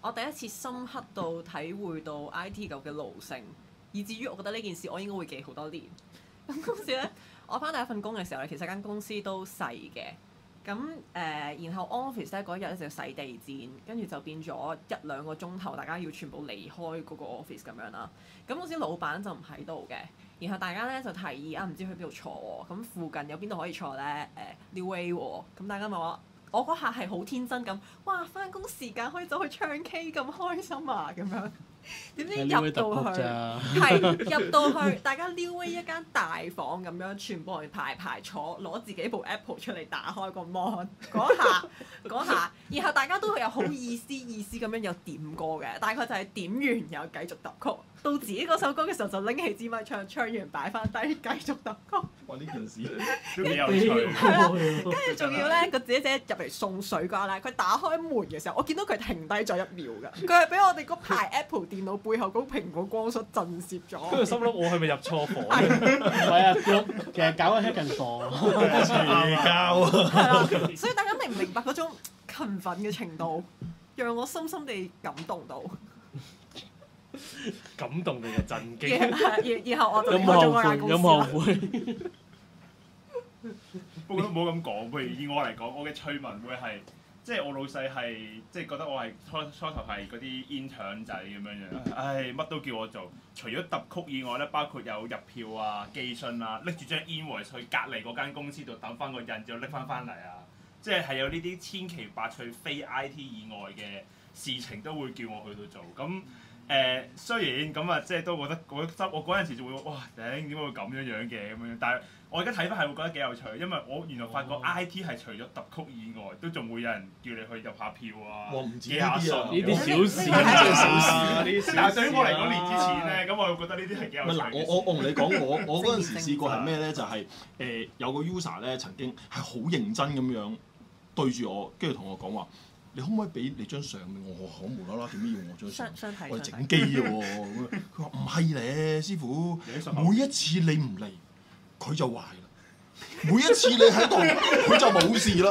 我第一次深刻到體會到 I T 界嘅勞性， *laughs* 以至於我覺得呢件事我應該會記好多年。咁 *laughs* 嗰時咧，我翻第一份工嘅時候咧，其實間公司都細嘅，咁誒、呃，然後 office 咧嗰日咧就要洗地戰，跟住就變咗一兩個鐘頭，大家要全部離開嗰個 office 咁樣啦。咁嗰時老闆就唔喺度嘅。然後大家咧就提議啊，唔知去邊度坐喎？咁、啊、附近有邊度可以坐咧？誒，Neway 喎。咁、哦啊、大家咪話我，我嗰下係好天真咁，哇！返工時間可以走去唱 K 咁開心啊，咁樣。點知入到去係入到去，大家 Neway 一間大房咁樣，全部人排排坐，攞自己部 Apple 出嚟打開個 mon，嗰下嗰下，然後大家都係有好意思意思咁樣又點歌嘅，大概就係點完又繼續揼曲。到自己嗰首歌嘅時候就拎起支咪唱，唱，唱完擺翻低繼續等歌。哇！呢件事都幾有趣，跟住仲要咧個姐姐入嚟送水瓜啦。佢打開門嘅時候，我見到佢停低咗一秒噶。佢係俾我哋嗰排 Apple 電腦背後嗰個蘋果光速震懾咗。跟住心諗我係咪入錯房？係啊，其實搞緊 h a 房，絕交。 *laughs* 係啦， *laughs* 所以大家明唔明白嗰種勤奮嘅程度，讓我深深，深地感動到。感動定係震驚 *laughs* 以？然後我都開咗個大公司。有，有後悔，了 有，有後悔。唔好咁講。不如以我嚟講，我嘅趣聞會係，即係我老細係，即係覺得我係初初頭係嗰啲 intern 仔咁樣樣。唉，乜都叫我做，除咗揼曲以外咧，包括有入票啊、寄信啊、拎住張 invoice 去隔離嗰間公司度等翻個印之後拎翻翻嚟啊，即係係有呢啲千奇百趣非 IT 以外嘅事情都會叫我去到做咁。誒、呃、雖然咁啊、嗯，即係都覺得我執我嗰陣時就會哇頂，點解會咁樣樣嘅咁樣，但係我而家睇返係會覺得幾有趣，因為我原來發覺 IT 係除咗特曲以外，都仲會有人叫你去入下票、哦、知啊，記下數呢啲小事啊，小事啊，但係對於我嚟講，年之前咧，咁我又覺得呢啲係幾有趣。我我我同你講，我我嗰陣時試過係咩咧？就係、是、誒、呃、有個 user 咧，曾經係好認真咁樣對住我，跟住同我講話。你可唔可以俾你張相我？我可，無啦啦點解要我張相？體我整機嘅喎、喔。佢話唔係咧，師傅你每你，每一次你唔嚟，佢 *laughs* 就壞啦；每一次你喺度，佢就冇事啦。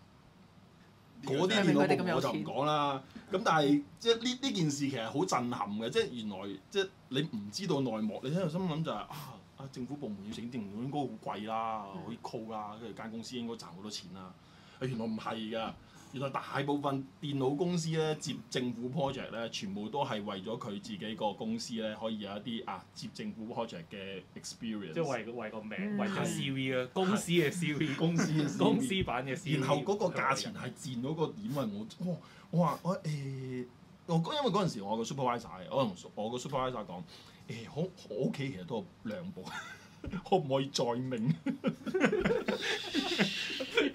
嗰啲嘅話，電腦部我就唔講啦。咁 *laughs* 但係，即係呢呢件事其實好震撼嘅，即係原來即係你唔知道內幕，你喺度心諗就係、是、啊，啊，政府部門要整電腦，應該好貴啦，好、嗯、高啦，跟住間公司應該賺好多錢啦。原來唔係㗎。嗯原來大部分電腦公司咧接政府 project 咧，全部都係為咗佢自己個公司咧可以有一啲啊接政府 project 嘅 experience，即係為為個名，為咗 CV 咯，v, 嗯、公司嘅 CV，是公司嘅 *laughs* 公司版嘅 CV。然後嗰個價錢係佔到個點我，我我話我誒，我,、欸、我因為嗰陣時我個 supervisor，我同我個 supervisor 講誒好、欸，我屋企其實都有兩部，可 *laughs* 唔可以再名？ *laughs*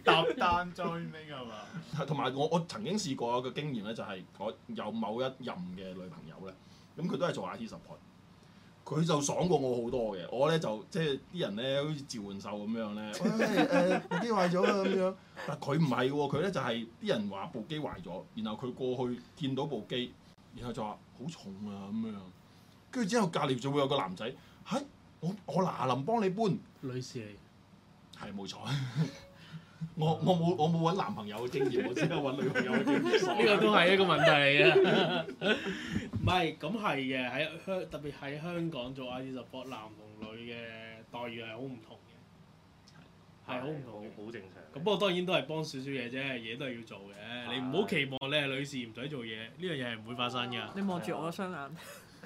抌單追尾係嘛，同埋我我曾經試過一個經驗咧，就係我有某一任嘅女朋友咧，咁佢、嗯、都係做 IT 十台，佢就爽，爽過我好多嘅。我咧就即係啲人咧好似召喚獸咁樣咧、 *laughs* 哎哎啊，部機壞咗啦咁樣。但佢唔係喎，佢咧就係、是、啲人話部機壞咗，然後佢過去見到部機，然後就話好重啊咁樣。跟住之後隔離就會有個男仔，嚇、啊、我我嗱臨幫你搬？女士嚟，係冇錯。 *laughs* 我我冇我冇揾男朋友嘅經驗，我只係揾女朋友嘅經驗。呢個都係一個問題嚟嘅。唔係，咁係嘅。喺香特別喺香港做 IT support，男同女嘅待遇係好唔同嘅，係好唔同，好正常。咁不過當然都係幫少少嘢啫，嘢都係要做嘅。你唔好期望你係女士唔使做嘢，呢樣嘢係唔會發生㗎。你望住我雙眼，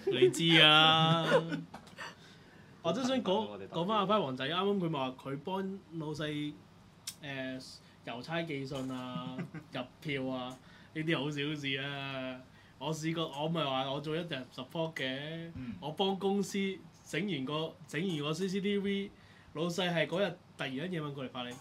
你知啊。我真想講講返阿輝王仔，啱啱佢話佢幫老細。誒郵、呃、差寄信啊， *laughs* 入票啊，呢啲好小事啊！我試過，我唔係話我做一日十科嘅，我幫公司整完個整完個 CCDV，老細係日突然間夜晚過嚟發你，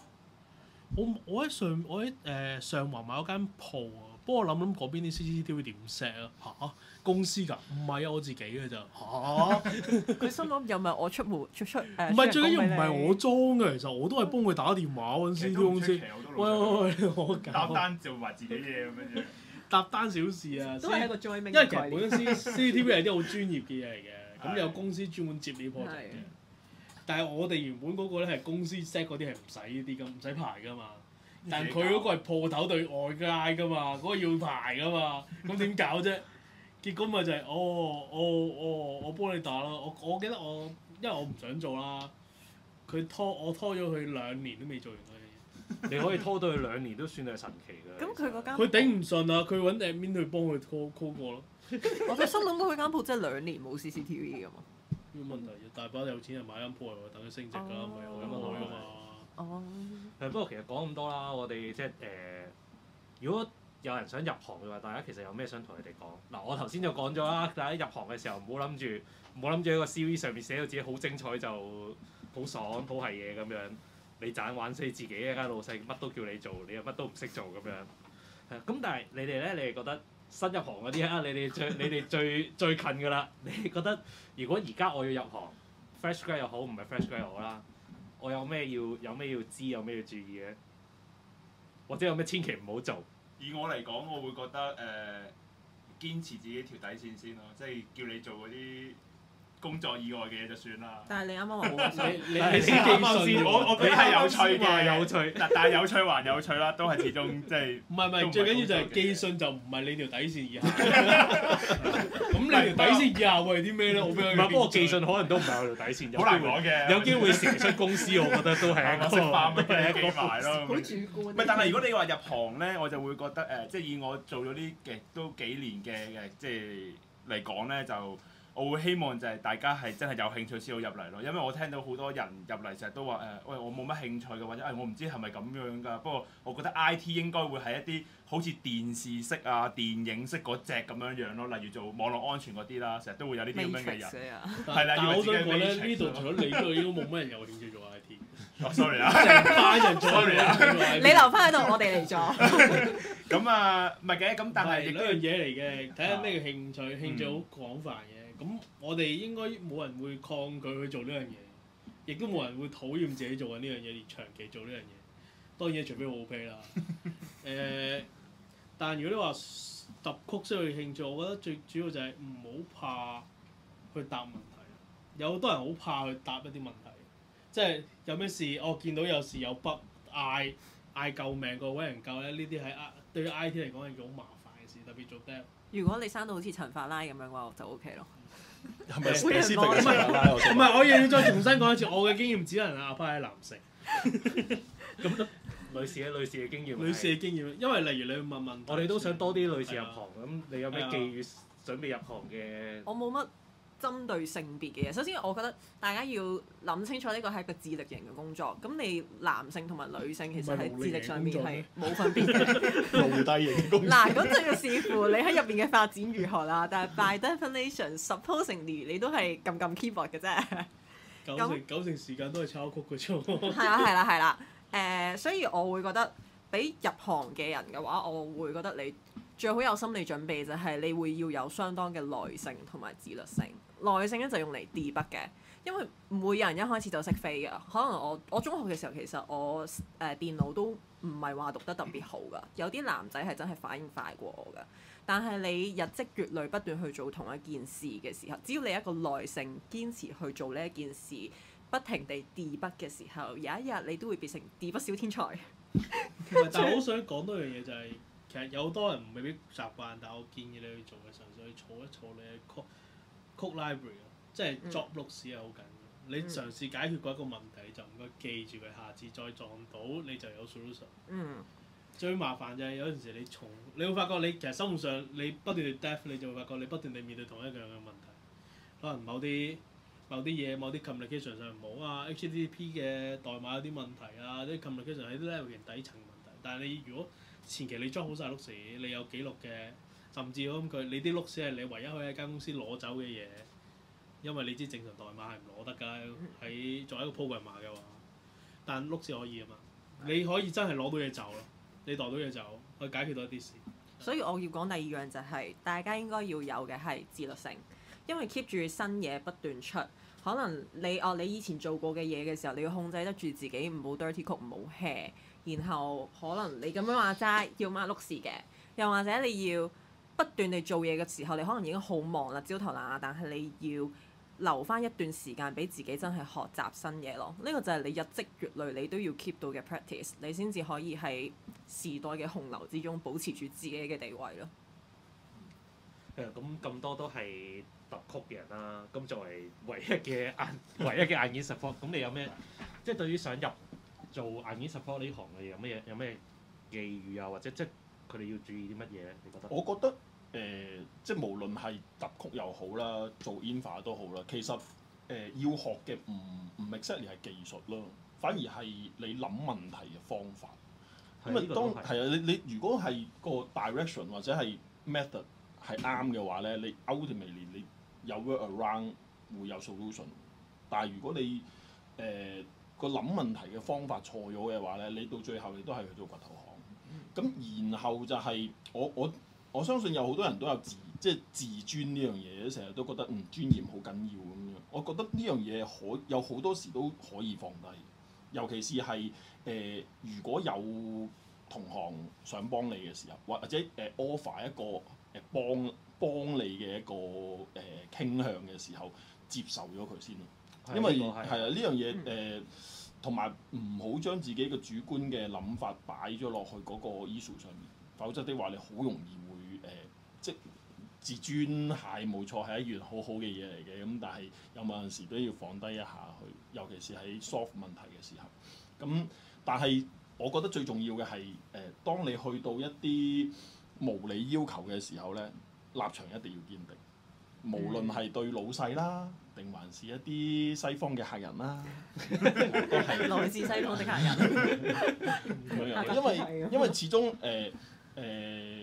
我我喺、呃、上我喺誒上環買咗間鋪啊。幫我諗諗嗰邊啲 CCTV 點 set 啊？嚇、啊、公司㗎？唔係啊，我自己嘅咋。嚇、啊。佢 *laughs* *laughs* 心諗又唔係我出門出出誒？唔係，最緊要唔係我裝嘅，其實我都係幫佢打電話揾 CCTV、啊、公司。喂喂喂，我揀。搭單做埋自己嘢咁樣啫。搭單小事啊，都係一個 j o i 因為其實本身 *laughs* CCTV 係啲好專業嘅嘢嚟嘅，咁 *laughs* 有公司專門接呢個職嘅。 *laughs* 但係我哋原本嗰個咧，係公司 set 嗰啲係唔使呢啲咁，唔使排㗎嘛。但佢嗰個係鋪頭對外街㗎嘛，嗰、那個要牌㗎嘛，咁點搞啫？ *laughs* 結果咪就係、是，哦哦哦，我幫你打咯。我我記得我，因為我唔想做啦。佢拖我拖咗佢兩年都未做完嗰樣嘢。 *laughs* 你可以拖到佢兩年都算係神奇㗎。咁佢嗰間，佢頂唔順啊，佢搵 admin 去幫佢拖拖過咯。我心諗佢間鋪真係兩年冇 CCTV 㗎嘛？冇問題，大把有錢人買間鋪等佢升值㗎，唔係外賣㗎嘛。哦，不過、um, *noise* 其實講咁多啦，我哋即係誒，如果有人想入行嘅話，大家其實有咩想同你哋講？嗱，我頭先就講咗啦，大家入行嘅時候唔好諗住，唔好諗住喺個 CV 上面寫到自己好精彩就好爽好係嘢咁樣，你盞玩死自己啊！間老細乜都叫你做，你又乜都唔識做咁樣。係咁，但係你哋咧，你哋覺得新入行嗰啲啊，你哋最你哋最最近噶啦，你哋覺得如果而家我要入行，fresh grade 又好，唔係 fresh grade 又好啦。我有咩要，有咩要知，有咩要注意嘅，或者有咩千祈唔好做？以我嚟講，我會覺得誒、呃、堅持自己條底線先咯，即係叫你做嗰啲。工作以外嘅嘢就算啦。但係你啱啱話冇資訊，你你你係有趣嘅，有趣。但但係有趣還有趣啦，都係始終即係。唔係唔係，最緊要就係寄信就唔係你條底線以下。咁你條底線以下會係啲咩咧？我比較唔係，不過寄信可能都唔係。我條底線有機會嘅，有機會成出公司，我覺得都係一個。升班咪得幾埋咯？唔係，但係如果你話入行咧，我就會覺得誒，即係以我做咗啲嘅都幾年嘅嘅，即係嚟講咧就。我會希望就係大家係真係有興趣先好入嚟咯，因為我聽到好多人入嚟成日都話誒，喂我冇乜興趣嘅或者誒我唔知係咪咁樣噶。不過我覺得 I T 應該會係一啲好似電視式啊、電影式嗰隻咁樣樣咯，例如做網絡安全嗰啲啦，成日都會有呢啲咁樣嘅人。係啦，但係我覺得呢度除咗你都冇乜人有興趣做 I T。Sorry 啊，多人做啊，你留翻喺度，我哋嚟做。咁啊，唔係嘅，咁但係亦都係一樣嘢嚟嘅，睇下咩興趣，興趣好廣泛嘅。咁我哋應該冇人會抗拒去做呢樣嘢，亦都冇人會討厭自己做緊呢樣嘢，而長期做呢樣嘢。當然除非我 OK 啦。誒、 *laughs* 呃，但如果你話揼曲需要慶祝，我覺得最主要就係唔好怕去答問題。有好多人好怕去答一啲問題，即係有咩事，我見到有時有不嗌嗌救命個位人救咧，呢啲係對於 IT 嚟講係好麻煩嘅事，特別做 d 如果你生到好似陳法拉咁樣嘅話，我就 OK 咯。係咪？唔係， *music* 我又要再重新講一次。 *laughs* 我嘅經驗只能係阿爸係男性，咁女士嘅女士嘅經驗，女士嘅經驗。因為例如你問問題，我哋都想多啲女士入行。咁吧你有咩建議準備入行嘅我冇乜。針對性別嘅嘢，首先我覺得大家要諗清楚，呢個係一個智力型嘅工作。咁你男性同埋女性其實喺智力上面係冇分別嘅。勞力 *laughs* *laughs* 型工嗱，咁 *laughs* 就要視乎你喺入邊嘅發展如何啦。但係 by definition, *laughs* supposedly 你都係撳撳 keyboard 嘅啫。九成 *laughs* 那九成時間都係抄曲嘅啫。係 *laughs* 啊係啦係啦，誒、啊啊啊啊啊，所以我會覺得俾、呃、入行嘅人嘅話，我會覺得你最好有心理準備，就係你會要有相當嘅耐，耐性同埋自律性。耐性咧就用嚟 debug 嘅，因為唔會有人一開始就識飛嘅。可能我我中學嘅時候其實我誒、呃、電腦都唔係話讀得特別好噶，有啲男仔係真係反應快過我噶。但係你日積月累不斷去做同一件事嘅時候，只要你一個耐性堅持去做呢一件事，不停地 debug 嘅時候，有一日你都會變成 debug 小天才。 *laughs* 是 *laughs* 但係我好想講多樣嘢就係、是，其實有好多人未必習慣，但我建議你去做嘅時候，就係坐一坐你嘅。曲 library 咯，即係作碌史係好緊要。你嘗試解決過一個問題，就唔該記住佢，下次再撞到你就有 solution。嗯、最麻煩就係有陣時你從，你會發覺你其實生活上你不斷 debug 你就會發覺你不斷地面對同一樣嘅問題。可能某啲某啲嘢，某啲 communication 上唔好啊，HTTP 嘅代碼有啲問題啊，啲 communication 係啲 level，其實底層問題。但係你如果前期你裝好晒碌史，你有記錄嘅。甚至我諗佢，你啲碌屎係你唯一可以喺間公司攞走嘅嘢，因為你知正常代碼係唔攞得㗎，喺作為一個 programmer 嘅話，但碌屎可以啊嘛。的你可以真係攞到嘢走咯，你代到嘢走，去解決到一啲事。所以我要講第二樣就係、是、大家應該要有嘅係自律性，因為 keep 住新嘢不斷出，可能你哦你以前做過嘅嘢嘅時候，你要控制得住自己唔好 dirty code，唔好 hack 然後可能你咁樣話齋要掹碌屎嘅，又或者你要。不斷地做嘢嘅時候，你可能已經好忙啦，焦頭爛額。但係你要留翻一段時間俾自己，真係學習新嘢咯。呢、呢個就係你日積月累，你都要 keep 到嘅 practice，你先至可以喺時代嘅洪流之中保持住自己嘅地位咯。咁咁多都係特曲嘅人啦。咁作為唯一嘅硬 *laughs* 唯一嘅硬件 support 咁你有咩？即係 *laughs* 對於想入做硬件 support 呢行嘅有咩？有咩寄語啊？或者即佢哋要注意啲乜嘢咧？你覺得？我覺得誒、呃、即係無論係揼曲又好啦，做 infa 都好啦。其實誒、呃、要學嘅唔唔 exactly 係技術咯，反而係你諗問題嘅方法。嗯、因為當係啊，你你如果係個 direction 或者係 method 係啱嘅話咧，你 ultimately 你有 work around，會有 solution。但係如果你誒個諗問題嘅方法錯咗嘅話咧，你到最後你都係去到骨頭。咁然後就係我我我相信有好多人都有自即係、就是、自尊呢樣嘢，成日都覺得唔、嗯、尊嚴好緊要咁樣。我覺得呢樣嘢可有好多時都可以放低，尤其是係誒、呃、如果有同行想幫你嘅時候，或或者誒、呃、offer 一個誒幫幫你嘅一個誒、呃、傾向嘅時候，接受咗佢先咯。因為係啊，呢樣嘢誒。同埋唔好將自己嘅主觀嘅諗法擺咗落去嗰個 issue 上面，否則的話你好容易會誒、呃，即自尊係冇錯係一樣好好嘅嘢嚟嘅，咁但係有冇陣時都要放低一下去，尤其是喺 soft 問題嘅時候。咁但係我覺得最重要嘅係誒，當你去到一啲無理要求嘅時候咧，立場一定要堅定，無論係對老細啦。嗯定還是一啲西方嘅客人啦、啊，係 *laughs* 是 *laughs* 來自西方嘅客人，因 *laughs* 為、 *laughs* *laughs* 就是、 *laughs* 因為始終誒誒、呃呃、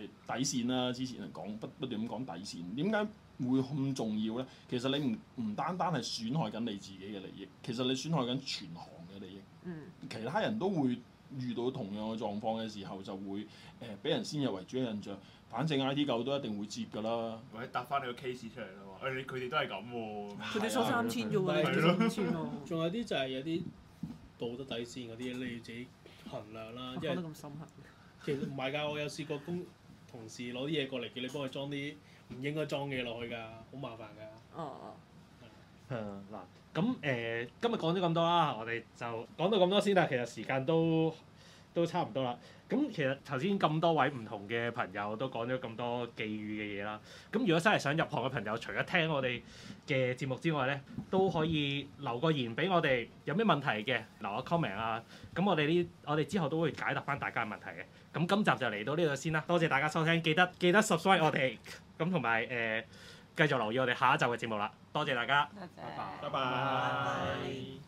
底線啦、啊，之前嚟講不不斷咁講底線，點解會咁重要咧？其實你唔唔單單係損害緊你自己嘅利益，其實你損害緊全行嘅利益，嗯、其他人都會，遇到同樣嘅狀況嘅時候，就會誒俾人先入為主嘅印象。反正 I T 狗都一定會接㗎啦，或者搭翻你個 case 出嚟啦。誒、哎，佢哋都係咁喎。佢哋收三千啫喎，仲有啲就係有啲道德底線嗰啲嘢，你要自己衡量啦。即做得咁深刻。其實唔係㗎，我有試過工同事攞啲嘢過嚟，叫你幫佢裝啲唔應該裝嘅嘢落去㗎，好麻煩㗎。哦哦。嚇！ *laughs* *laughs* 咁誒、呃，今日講咗咁多啦，我哋就講到咁多先啦。其實時間都都差唔多啦。咁其實頭先咁多位唔同嘅朋友都講咗咁多寄語嘅嘢啦。咁如果真係想入行嘅朋友，除咗聽我哋嘅節目之外咧，都可以留個言俾我哋，有咩問題嘅留個 comment 啊。咁我哋呢，我哋之後都會解答翻大家嘅問題嘅。咁今集就嚟到呢度先啦。多謝大家收聽，記得記得 subscribe 我哋，咁同埋誒繼續留意我哋下一集嘅節目啦。多謝大家，拜拜。